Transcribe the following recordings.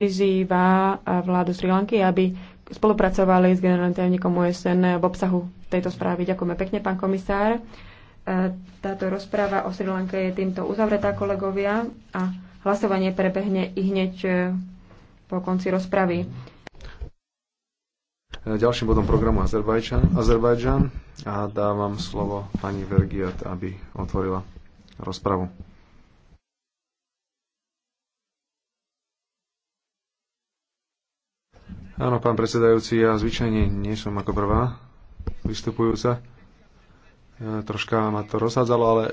vyzýva eh, vládu Sri Lanky, aby spolupracovali s generálnym tajomníkom OSN v obsahu tejto správy. Ďakujeme pekne, pán komisár. Eh, táto rozpráva o Sri Lanke je týmto uzavretá, kolegovia, a hlasovanie prebehne i hneď eh, po konci rozpravy. Ďalším bodom programu Azerbajčan, Azerbajdžan a dávam slovo pani Vergiat, aby otvorila rozpravu. Áno, pán predsedajúci, ja zvyčajne nie som ako prvá vystupujúca. Ja, troška ma to rozsádzalo, ale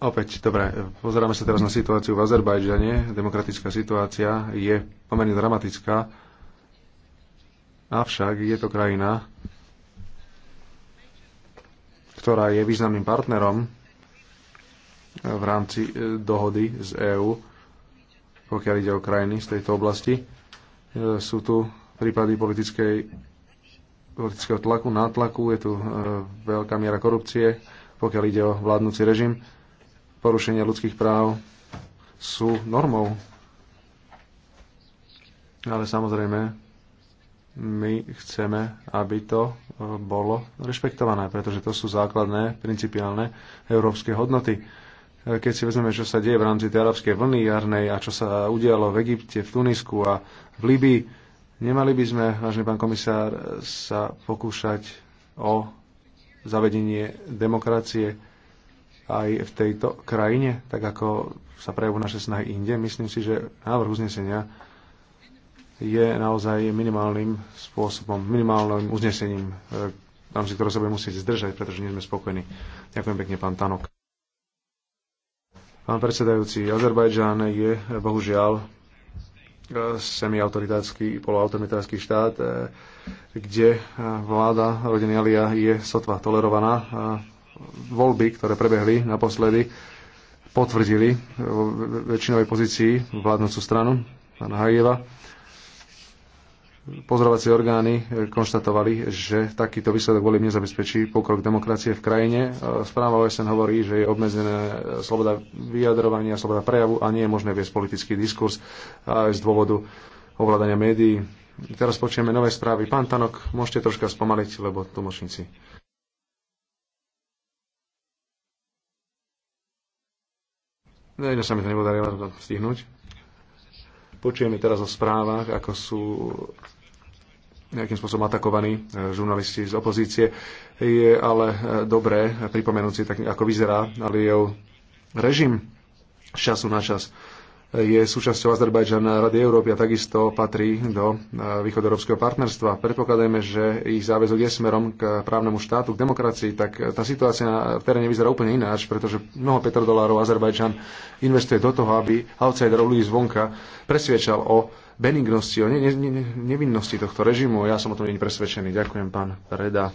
opäť, dobre, pozeráme sa teraz na situáciu v Azerbajdžane. Demokratická situácia je pomerne dramatická, avšak je to krajina, ktorá je významným partnerom v rámci e, dohody z EÚ, pokiaľ ide o krajiny z tejto oblasti. E, sú tu prípady politickej, politického tlaku, nátlaku, je tu e, veľká miera korupcie, pokiaľ ide o vládnúci režim. Porušenia ľudských práv sú normou. Ale samozrejme, my chceme, aby to e, bolo rešpektované, pretože to sú základné, principiálne európske hodnoty. E, keď si vezmeme, čo sa deje v rámci tej arabskej vlny jarnej a čo sa udialo v Egypte, v Tunisku a v Libii, Nemali by sme, vážený pán komisár, sa pokúšať o zavedenie demokracie aj v tejto krajine, tak ako sa prejavujú naše snahy inde. Myslím si, že návrh uznesenia je naozaj minimálnym spôsobom, minimálnym uznesením, tam eh, si ktorého sa bude musieť zdržať, pretože nie sme spokojní. Ďakujem pekne, pán Tanok. Pán predsedajúci, Azerbajdžán je eh, bohužiaľ semiautoritársky, poloautoritársky štát, e, kde e, vláda rodiny Alia je sotva tolerovaná. E, voľby, ktoré prebehli naposledy, potvrdili vo väčšinovej pozícii vládnúcu stranu, pána Hajeva pozorovacie orgány e, konštatovali, že takýto výsledok volieb nezabezpečí pokrok demokracie v krajine. E, správa OSN hovorí, že je obmedzená e, sloboda vyjadrovania, sloboda prejavu a nie je možné viesť politický diskurs aj z dôvodu ovládania médií. Teraz počujeme nové správy. Pán Tanok, môžete troška spomaliť, lebo tlmočníci. No, sa mi to nepodarilo stihnúť. Počujeme teraz o správach, ako sú nejakým spôsobom atakovaní e, žurnalisti z opozície. Je ale e, dobré pripomenúť si, tak, ako vyzerá Alijev režim z času na čas je súčasťou Azerbajdžana Rady Európy a takisto patrí do e, východoeurópskeho partnerstva. Predpokladajme, že ich záväzok je smerom k právnemu štátu, k demokracii, tak tá situácia v teréne vyzerá úplne ináč, pretože mnoho petrodolárov Azerbajdžan investuje do toho, aby outsiderov ľudí zvonka presviečal o benignosti, o ne- ne- ne- nevinnosti tohto režimu. Ja som o tom nie presvedčený. Ďakujem, pán Reda.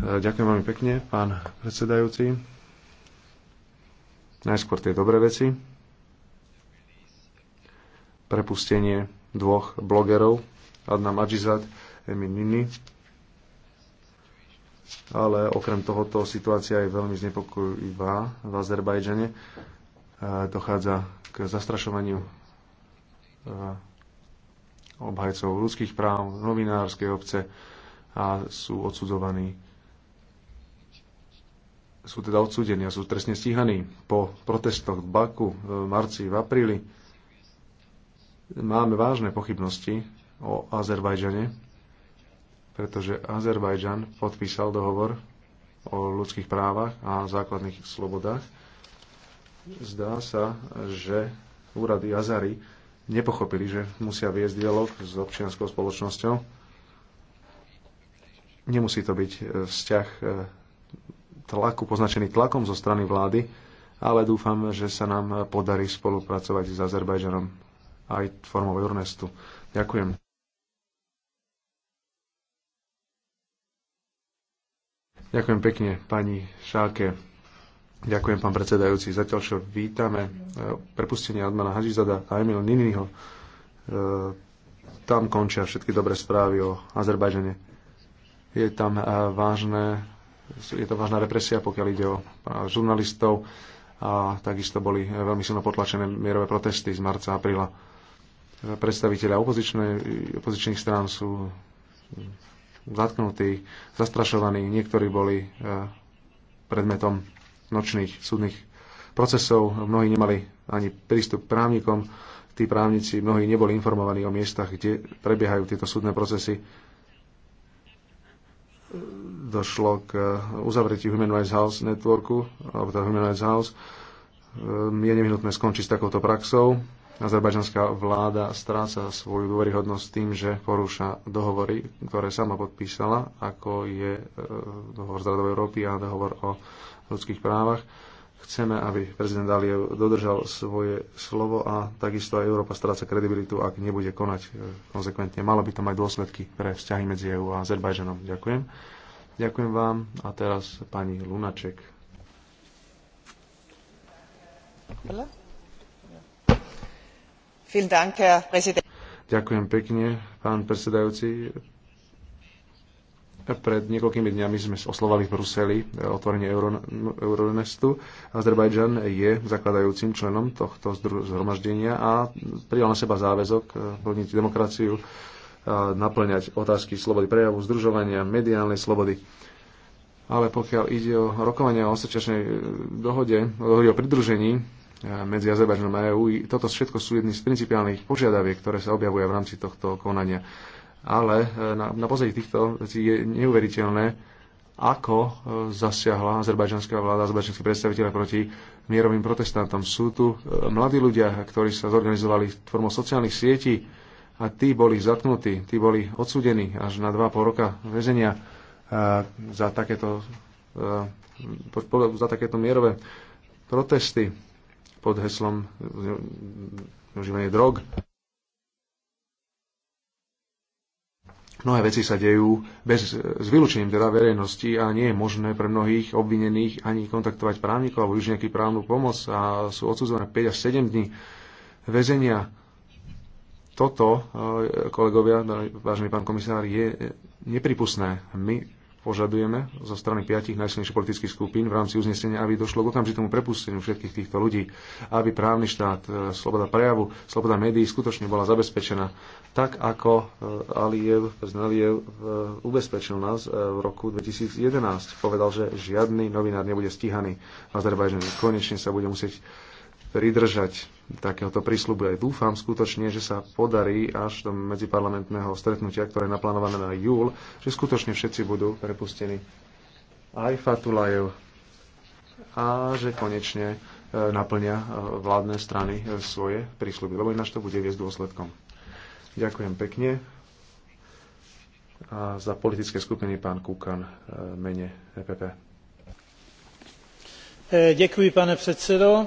E, ďakujem veľmi pekne, pán predsedajúci. Najskôr tie dobré veci. Prepustenie dvoch blogerov, Adnam Adžizad, Emin Nini. Ale okrem tohoto situácia je veľmi znepokojivá v Azerbajdžane. Dochádza k zastrašovaniu obhajcov ľudských práv, novinárskej obce a sú odsudzovaní sú teda odsúdení a sú trestne stíhaní po protestoch v Baku v marci, v apríli. Máme vážne pochybnosti o Azerbajdžane, pretože Azerbajdžan podpísal dohovor o ľudských právach a základných slobodách. Zdá sa, že úrady Azary nepochopili, že musia viesť dialog s občianskou spoločnosťou. Nemusí to byť eh, vzťah eh, tlaku, poznačený tlakom zo strany vlády, ale dúfam, že sa nám podarí spolupracovať s Azerbajdžanom aj formou Euronestu. Ďakujem. Ďakujem pekne, pani Šáke. Ďakujem, pán predsedajúci. Zatiaľ, čo vítame e, prepustenie Admana Hažizada a Emil Niniho, e, tam končia všetky dobré správy o Azerbajdžane. Je tam e, vážne je to vážna represia, pokiaľ ide o žurnalistov a takisto boli veľmi silno potlačené mierové protesty z marca a apríla. Predstaviteľia opozičných strán sú zatknutí, zastrašovaní, niektorí boli e, predmetom nočných súdnych procesov, mnohí nemali ani prístup k právnikom, tí právnici, mnohí neboli informovaní o miestach, kde prebiehajú tieto súdne procesy došlo k eh, uzavretí Human Rights House networku, alebo teda Human Rights House, ehm, je nevyhnutné skončiť s takouto praxou. Azerbajdžanská vláda stráca svoju dôveryhodnosť tým, že porúša dohovory, ktoré sama podpísala, ako je eh, dohovor z Radovej Európy a dohovor o ľudských právach. Chceme, aby prezident Aliev dodržal svoje slovo a takisto aj Európa stráca kredibilitu, ak nebude konať eh, konzekventne. Malo by to mať dôsledky pre vzťahy medzi EU a Azerbajdžanom. Ďakujem. Ďakujem vám a teraz pani Lunaček. Ďakujem pekne, pán predsedajúci. Pred niekoľkými dňami sme oslovali v Bruseli otvorenie Euronestu. Azerbajdžan je zakladajúcim členom tohto zhromaždenia a prijal na seba záväzok plniť demokraciu naplňať otázky slobody prejavu, združovania, mediálnej slobody. Ale pokiaľ ide o rokovania o osečačnej e, dohode, dohode o pridružení e, medzi Azerbajdžanom a EÚ, toto všetko sú jedny z principiálnych požiadaviek, ktoré sa objavujú v rámci tohto konania. Ale e, na, na pozadí týchto vecí je neuveriteľné, ako zasiahla azerbajdžanská vláda, azerbajdžanskí predstaviteľ proti mierovým protestantom. Sú tu mladí ľudia, ktorí sa zorganizovali formou sociálnych sietí, a tí boli zatknutí, tí boli odsudení až na 2,5 roka väzenia e, za takéto, e, za takéto mierové protesty pod heslom užívanie drog. Mnohé veci sa dejú bez, s vylúčením teda verejnosti a nie je možné pre mnohých obvinených ani kontaktovať právnikov alebo už nejakú právnu pomoc a sú odsudzované 5 až 7 dní väzenia toto, e, kolegovia, vážený pán komisár, je nepripustné. My požadujeme zo strany piatich najsilnejších politických skupín v rámci uznesenia, aby došlo k okamžitému prepusteniu všetkých týchto ľudí, aby právny štát, e, sloboda prejavu, sloboda médií skutočne bola zabezpečená. Tak ako e, Aliev, Aliev ubezpečil nás v roku 2011. Povedal, že žiadny novinár nebude stíhaný v Azerbajžane. Konečne sa bude musieť pridržať takéhoto prísľubu. Aj dúfam skutočne, že sa podarí až do medziparlamentného stretnutia, ktoré je naplánované na júl, že skutočne všetci budú prepustení. Aj Fatulajev. A že konečne e, naplňa e, vládne strany e, svoje prísľuby, lebo ináč to bude viesť dôsledkom. Ďakujem pekne. A za politické skupiny pán Kúkan mene EPP. Ďakujem, pane predsedo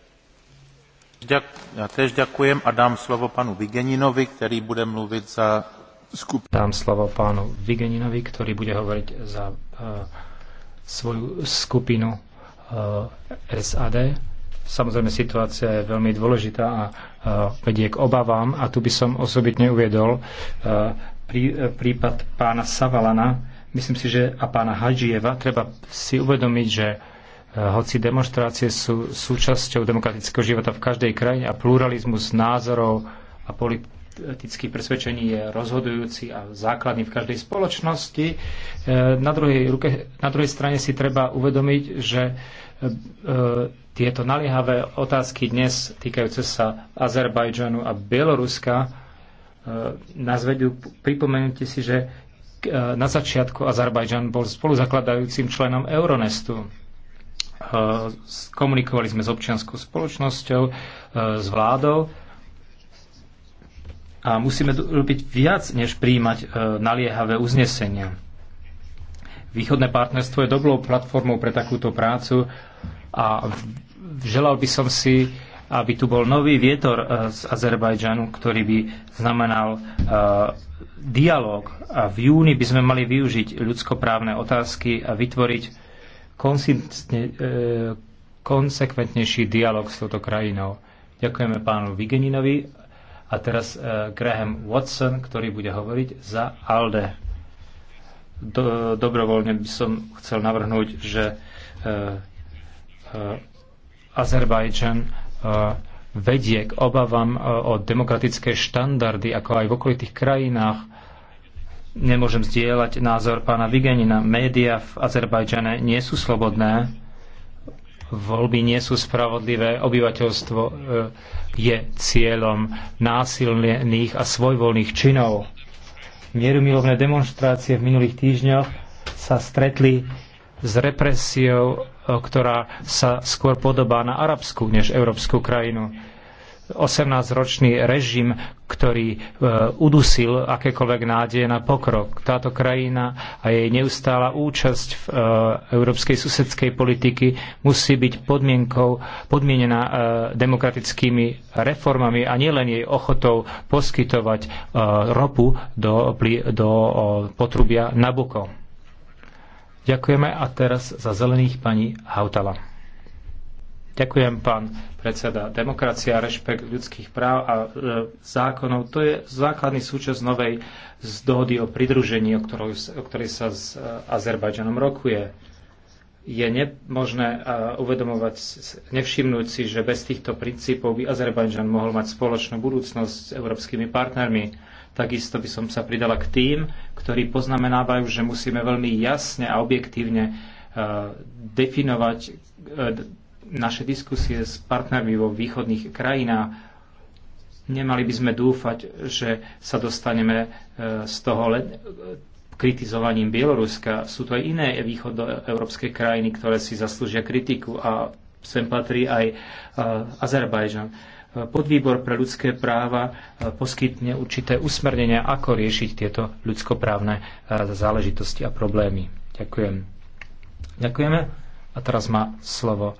a dám slovo pánu Vigeninovi, který bude mluviť za skupinu. Dám slovo pánu Vigeninovi, ktorý bude hovoriť za uh, svoju skupinu uh, eh, SAD. Samozrejme, situácia je veľmi dôležitá a uh, vedie k obavám. A tu by som osobitne uviedol uh, prí, uh, prípad pána Savalana, myslím si, že a pána Hadžieva. Treba si uvedomiť, že E, hoci demonstrácie sú súčasťou demokratického života v každej krajine a pluralizmus názorov a politických presvedčení je rozhodujúci a základný v každej spoločnosti, e, na druhej, ruke, na druhej strane si treba uvedomiť, že e, tieto naliehavé otázky dnes týkajúce sa Azerbajdžanu a Bieloruska nás vedú, pripomenúte si, že na začiatku Azerbajdžan bol spoluzakladajúcim členom Euronestu Eh, komunikovali sme s občianskou spoločnosťou, eh, s vládou a musíme robiť viac, než príjmať eh, naliehavé uznesenia. Východné partnerstvo je dobrou platformou pre takúto prácu a želal by som si, aby tu bol nový vietor z Azerbajdžanu, ktorý by znamenal dialog a v júni by sme mali využiť ľudskoprávne otázky a vytvoriť E, konsekventnejší dialog s touto krajinou. Ďakujeme pánu Vigeninovi a teraz e, Graham Watson, ktorý bude hovoriť za ALDE. Do, dobrovoľne by som chcel navrhnúť, že e, Azerbajdžan vedie k obavám o demokratické štandardy, ako aj v okolitých krajinách Nemôžem zdieľať názor pána Vigenina. Média v Azerbajdžane nie sú slobodné, voľby nie sú spravodlivé, obyvateľstvo e, je cieľom násilných a svojvoľných činov. Mierumilovné demonstrácie v minulých týždňoch sa stretli s represiou, e, ktorá sa skôr podobá na arabskú než európsku krajinu 18-ročný režim, ktorý e, udusil akékoľvek nádeje na pokrok. Táto krajina a jej neustála účasť v e, európskej susedskej politiky musí byť podmienkou, podmienená e, demokratickými reformami a nielen jej ochotou poskytovať ropu do, do potrubia Nabuko. Ďakujeme a teraz za zelených pani Hautala. Ďakujem, pán predseda. Demokracia, rešpekt ľudských práv a e, zákonov, to je základný súčasť novej z dohody o pridružení, o, ktorou, o ktorej sa s e, Azerbajdžanom rokuje. Je nemožné e, uvedomovať, nevšimnúť si, že bez týchto princípov by Azerbajdžan mohol mať spoločnú budúcnosť s európskymi partnermi. Takisto by som sa pridala k tým, ktorí poznamenávajú, že musíme veľmi jasne a objektívne e, definovať e, naše diskusie s partnermi vo východných krajinách, nemali by sme dúfať, že sa dostaneme e, z toho len e, kritizovaním Bieloruska. Sú to aj iné východoeurópske krajiny, ktoré si zaslúžia kritiku a sem patrí aj e, Azerbajžan. Podvýbor pre ľudské práva poskytne určité usmernenia, ako riešiť tieto ľudskoprávne záležitosti a problémy. Ďakujem. Ďakujeme. A teraz má slovo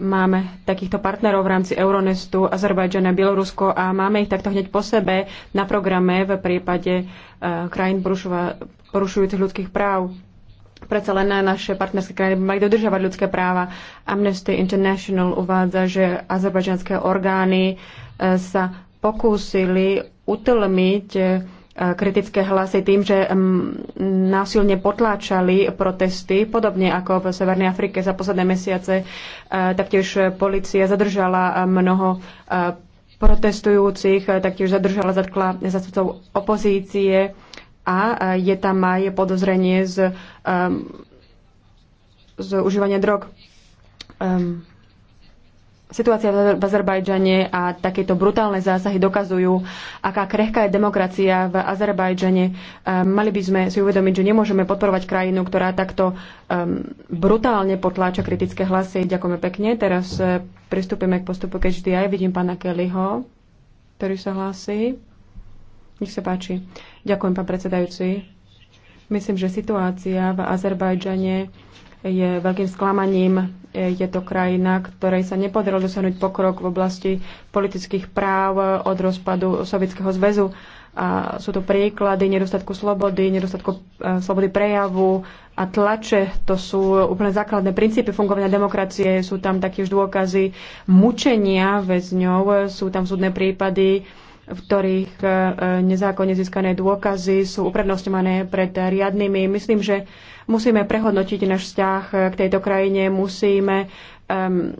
máme takýchto partnerov v rámci Euronestu, Azerbajdžana, Bielorusko a máme ich takto hneď po sebe na programe v prípade uh, krajín porušujúcich ľudských práv. Predsa len na naše partnerské krajiny by mali dodržovať ľudské práva. Amnesty International uvádza, že azerbajdžanské orgány uh, sa pokúsili utlmiť uh, E, kritické hlasy tým, že násilne potláčali protesty, podobne ako v Severnej Afrike za posledné mesiace. E, taktiež policia zadržala e, mnoho protestujúcich, taktiež zadržala zatkla zastupcov opozície a je tam aj podozrenie z, z užívania drog. Situácia v Azerbajdžane a takéto brutálne zásahy dokazujú, aká krehká je demokracia v Azerbajdžane. Ehm, mali by sme si uvedomiť, že nemôžeme podporovať krajinu, ktorá takto um, brutálne potláča kritické hlasy. Ďakujeme pekne. Teraz e, pristúpime k postupu KHDI. aj. vidím pána Kellyho, ktorý sa hlási. Nech sa páči. Ďakujem, pán predsedajúci. Myslím, že situácia v Azerbajdžane je veľkým sklamaním je to krajina, ktorej sa nepodarilo dosiahnuť pokrok v oblasti politických práv od rozpadu Sovietskeho zväzu. A sú to príklady nedostatku slobody, nedostatku e, slobody prejavu a tlače. To sú úplne základné princípy fungovania demokracie. Sú tam taktiež dôkazy mučenia väzňov, sú tam súdne prípady v ktorých e, nezákonne získané dôkazy sú uprednostňované pred riadnymi. Myslím, že musíme prehodnotiť náš vzťah k tejto krajine, musíme um,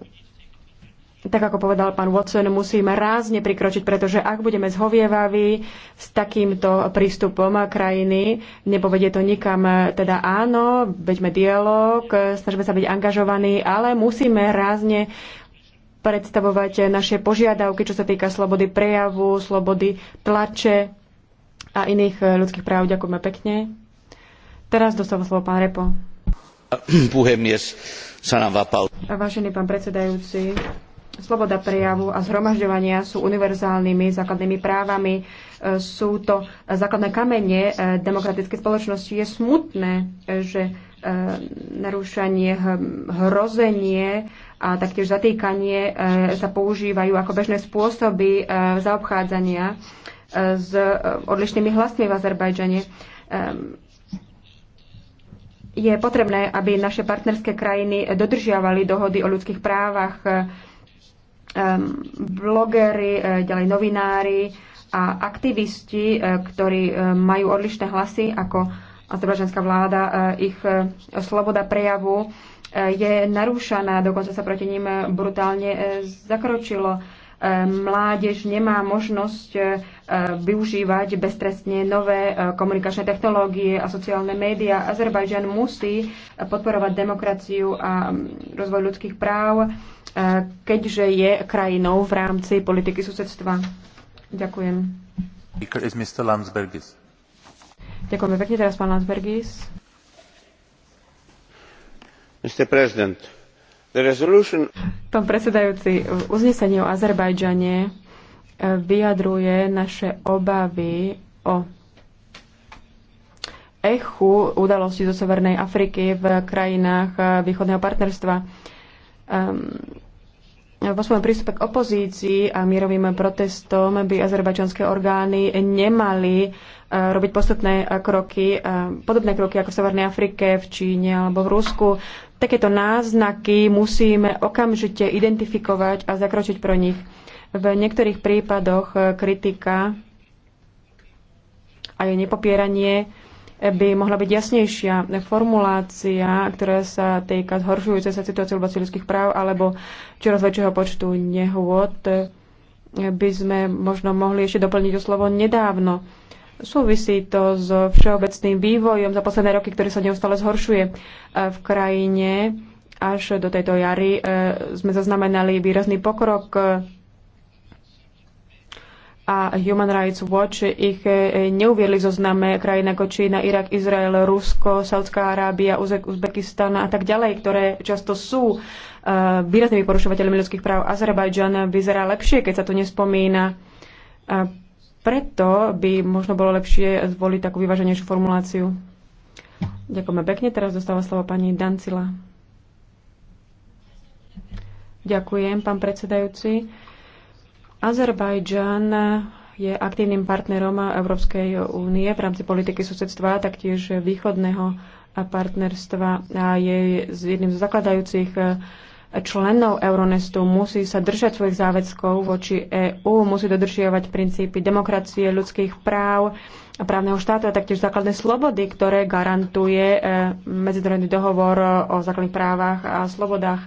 tak ako povedal pán Watson, musíme rázne prikročiť, pretože ak budeme zhovievaví s takýmto prístupom krajiny, nepovedie to nikam. E, teda áno, veďme dialog, e, snažíme sa byť angažovaní, ale musíme rázne predstavovať naše požiadavky, čo sa týka slobody prejavu, slobody tlače a iných eh, ľudských práv. Ďakujeme pekne. Teraz dostáva slovo pán Repo. Vážený pán predsedajúci, sloboda prejavu a zhromažďovania sú univerzálnymi základnými právami. Eh, sú to základné kamene eh, demokratickej spoločnosti. Je smutné, že Eh, narúšanie, hrozenie a taktiež zatýkanie eh, sa používajú ako bežné spôsoby eh, zaobchádzania s odlišnými hlasmi v Azerbajdžane. Ehm, je potrebné, aby naše partnerské krajiny dodržiavali dohody o ľudských právach, ehm, blogery, ďalej novinári a aktivisti, ktorí majú odlišné hlasy ako azerbajdžanská vláda, e, ich e, sloboda prejavu e, je narúšaná, dokonca sa proti ním brutálne zakročilo. Mládež nemá možnosť využívať beztrestne nové komunikačné technológie a sociálne médiá. Azerbajdžan musí podporovať demokraciu a rozvoj ľudských práv, keďže je krajinou v rámci politiky susedstva. Ďakujem. Is Mr. Landsbergis. Ďakujeme pekne. Teraz pán Lansbergis. Mr. President, the resolution... Pán predsedajúci, uznesení o Azerbajdžane eh, vyjadruje naše obavy o echu udalosti zo Severnej Afriky v krajinách eh, východného partnerstva. Um, vo svojom prístupe k opozícii a mierovým protestom by azerbajčanské orgány nemali e, robiť postupné e, kroky, e, podobné kroky ako v Severnej Afrike, v Číne alebo v Rusku. Takéto náznaky musíme okamžite identifikovať a zakročiť pro nich. V niektorých prípadoch kritika a jej nepopieranie by mohla byť jasnejšia formulácia, ktorá sa týka zhoršujúcej sa situácie v oblasti ľudských práv alebo čoraz väčšieho počtu nehôd, by sme možno mohli ešte doplniť o slovo nedávno. Súvisí to s všeobecným vývojom za posledné roky, ktorý sa neustále zhoršuje v krajine. Až do tejto jary eh, sme zaznamenali výrazný pokrok a Human Rights Watch ich e, neuviedli zo známe, krajín ako Čína, Irak, Izrael, Rusko, Saudská Arábia, Uzbekistan a tak ďalej, ktoré často sú e, výraznými porušovateľmi ľudských práv. Azerbajdžan vyzerá lepšie, keď sa to nespomína. A preto by možno bolo lepšie zvoliť takú vyváženejšiu formuláciu. Ďakujeme pekne. Teraz dostáva slovo pani Dancila. Ďakujem, pán predsedajúci. Azerbajdžan je aktívnym partnerom Európskej únie v rámci politiky susedstva, taktiež východného partnerstva a je jedným z zakladajúcich členov Euronestu. Musí sa držať svojich záväzkov voči EÚ, musí dodržiavať princípy demokracie, ľudských práv, právneho štátu a taktiež základné slobody, ktoré garantuje eh, medzinárodný dohovor o základných právach a slobodách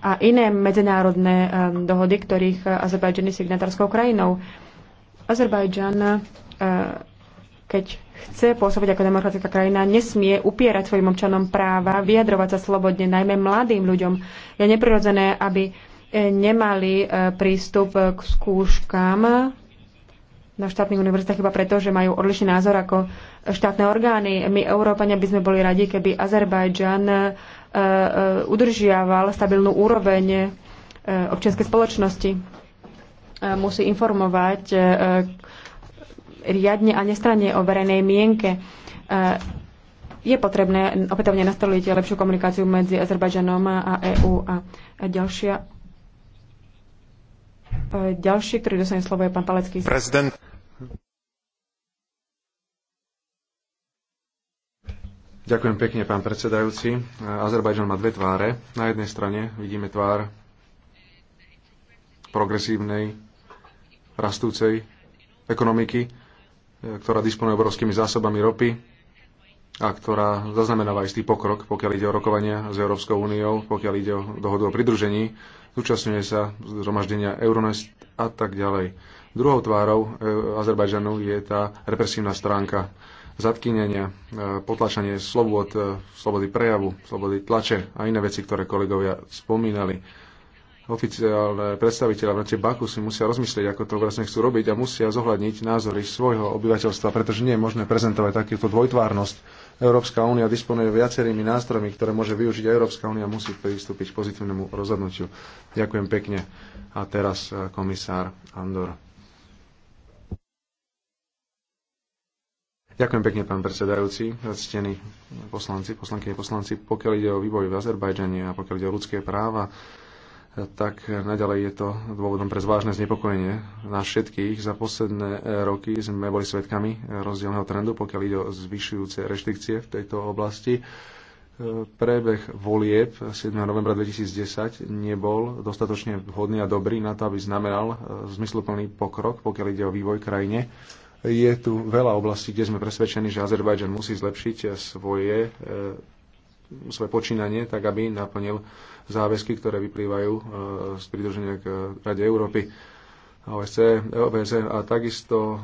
a iné medzinárodné eh, dohody, ktorých eh, Azerbajdžan je signatárskou krajinou. Azerbajdžan, eh, keď chce pôsobiť ako demokratická krajina, nesmie upierať svojim občanom práva, vyjadrovať sa slobodne, najmä mladým ľuďom. Je neprirodzené, aby nemali prístup k skúškam na štátnych univerzitách iba preto, že majú odlišný názor ako štátne orgány. My, Európania, by sme boli radi, keby Azerbajdžan e, e, udržiaval stabilnú úroveň e, občianskej spoločnosti. Musí informovať riadne a nestranne o verejnej mienke. Je potrebné opätovne nastoliť lepšiu komunikáciu medzi Azerbajdžanom a EÚ a ďalšia E, ďalší, ktorý dostane slovo, je pán Palecký. Prezident. Ďakujem pekne, pán predsedajúci. Azerbajdžan má dve tváre. Na jednej strane vidíme tvár progresívnej, rastúcej ekonomiky, e, ktorá disponuje obrovskými zásobami ropy a ktorá zaznamenáva istý pokrok, pokiaľ ide o rokovania s Európskou úniou, pokiaľ ide o dohodu o pridružení zúčastňuje sa zhromaždenia Euronest a tak ďalej. Druhou tvárou e, Azerbajdžanu je tá represívna stránka zatkynenia, e, potlačanie slobod, e, slobody prejavu, slobody tlače a iné veci, ktoré kolegovia spomínali oficiálne predstaviteľa v rámci Baku si musia rozmyslieť, ako to vlastne chcú robiť a musia zohľadniť názory svojho obyvateľstva, pretože nie je možné prezentovať takúto dvojtvárnosť. Európska únia disponuje viacerými nástrojmi, ktoré môže využiť a Európska únia musí pristúpiť k pozitívnemu rozhodnutiu. Ďakujem pekne. A teraz e, komisár Andor. Ďakujem pekne, pán predsedajúci, ctení poslanci, poslanky a poslanci. Pokiaľ ide o vývoj v Azerbajdžane a pokiaľ ide o ľudské práva, tak naďalej je to dôvodom pre zvážne znepokojenie na všetkých. Za posledné e, roky sme boli svedkami e, rozdielného trendu, pokiaľ ide o zvyšujúce reštrikcie v tejto oblasti. E, Prebeh volieb 7. novembra 2010 nebol dostatočne vhodný a dobrý na to, aby znamenal zmysluplný pokrok, pokiaľ ide o vývoj krajine. Je tu veľa oblastí, kde sme presvedčení, že Azerbajdžan musí zlepšiť svoje svoje počínanie, tak aby naplnil záväzky, ktoré vyplývajú e, z pridruženia k Rade Európy. OSC, OBZ e a takisto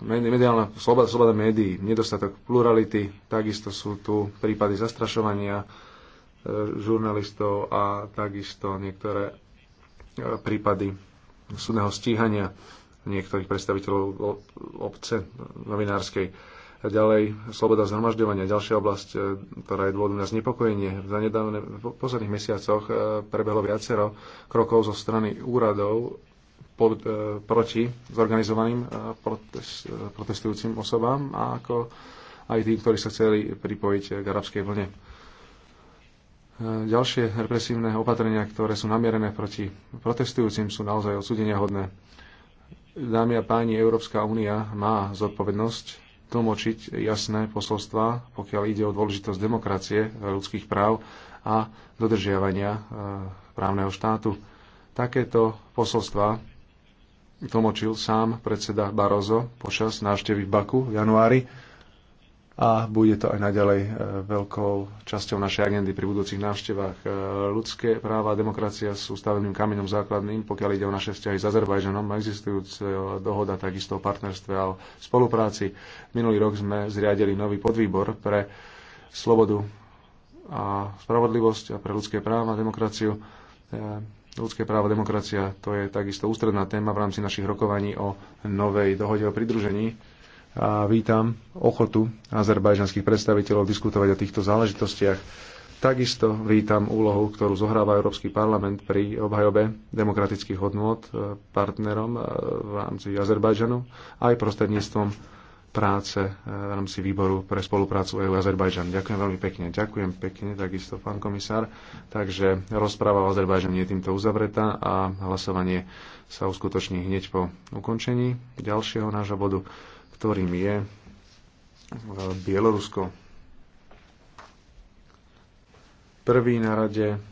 e, mediálna sloboda, sloboda médií, nedostatok plurality, takisto sú tu prípady zastrašovania žurnalistov a takisto niektoré prípady súdneho stíhania niektorých predstaviteľov obce novinárskej. Ďalej, sloboda zhromažďovania, ďalšia oblasť, e, ktorá je dôvodom na znepokojenie. Za nedávne, v posledných mesiacoch e, prebehlo viacero krokov zo strany úradov pod, e, proti zorganizovaným protest, protestujúcim osobám a ako aj tým, ktorí sa chceli pripojiť k arabskej vlne. Ďalšie represívne opatrenia, ktoré sú namierené proti protestujúcim, sú naozaj odsudenia hodné. Dámy a páni, Európska únia má zodpovednosť tlmočiť jasné posolstva, pokiaľ ide o dôležitosť demokracie, ľudských práv a dodržiavania e, právneho štátu. Takéto posolstva tlmočil sám predseda Barozo počas návštevy v Baku v januári a bude to aj naďalej e, veľkou časťou našej agendy pri budúcich návštevách. E, ľudské práva a demokracia sú staveným kameňom základným, pokiaľ ide o naše vzťahy s Azerbajžanom. existujúce dohoda takisto o partnerstve a o spolupráci. Minulý rok sme zriadili nový podvýbor pre slobodu a spravodlivosť a pre ľudské práva a demokraciu. E, ľudské práva a demokracia to je takisto ústredná téma v rámci našich rokovaní o novej dohode o pridružení a vítam ochotu azerbajžanských predstaviteľov diskutovať o týchto záležitostiach. Takisto vítam úlohu, ktorú zohráva Európsky parlament pri obhajobe demokratických hodnôt e, partnerom e, v rámci Azerbajdžanu aj prostredníctvom práce e, v rámci výboru pre spoluprácu EU Azerbajdžan. Ďakujem veľmi pekne. Ďakujem pekne, takisto pán komisár. Takže rozpráva o Azerbajdžane je týmto uzavretá a hlasovanie sa uskutoční hneď po ukončení ďalšieho nášho bodu ktorým je e, Bielorusko. Prvý na rade